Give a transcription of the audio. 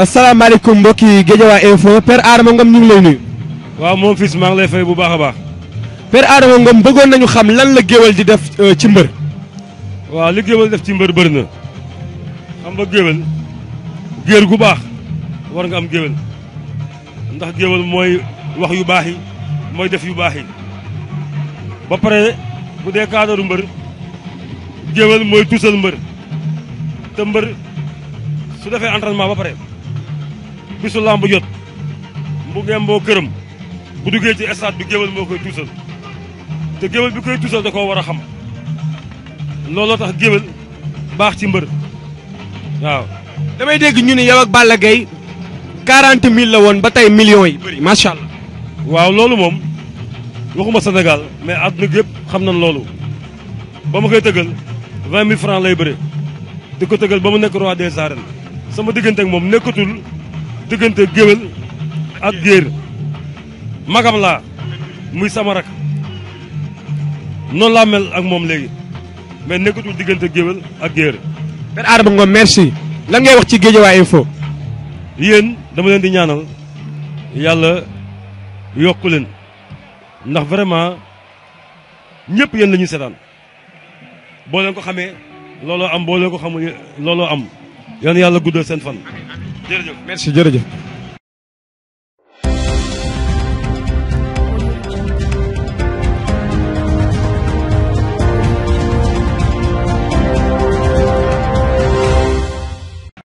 asalaamaaleykum mbokki Guédiawaye info Père Adama Ngom ñu ngi lay nuyu. waaw moom fils maa ngi lay fay bu baax a baax. Père Adama Ngom bëggoon nañu xam lan la géwél di def euh, ci mbër. waaw li géwél def ci mbër bëri na xam nga géwél géer gu baax war nga am géwél ndax géwél mooy wax yu baax yi mooy def yu baax yi ba pare bu dee kaadaru mbër géwél mooy tuusal mbër te mbër su defee entraînement ba pare. bisu làmb jot mu ngemboo këram bu duggee ci stade bi géwél moo koy tuusal te géwél bi koy tuusal da koo war a xam looloo tax géwél baax ci mbër waaw. damay dégg ñu ne yow ak Balla Gaye 40 mille la woon ba tey millions yi bëri macha allah. waaw loolu moom waxuma senegal mais àdduna bi yëpp xam na loolu ba ma koy tëggal 20 mille francs lay bëre di ko tëggal ba mu nekk roi des arènes sama diggante ak moom nekkatul. diggante géwél ak géer magam laa muy sama rak noonu laa mel ak moom léegi mais nekkatul diggante géwél ak géer Père Adama Ngom merci lan ngay wax ci Guédiawaye info yéen dama leen di ñaanal yàlla yokku leen ndax vraiment ñëpp yéen lañuy ñuy seetaan boo leen ko xamee looloo am boo leen ko xamul looloo am yan yàlla guddal seen fan jërëjëf merci jërëjëf.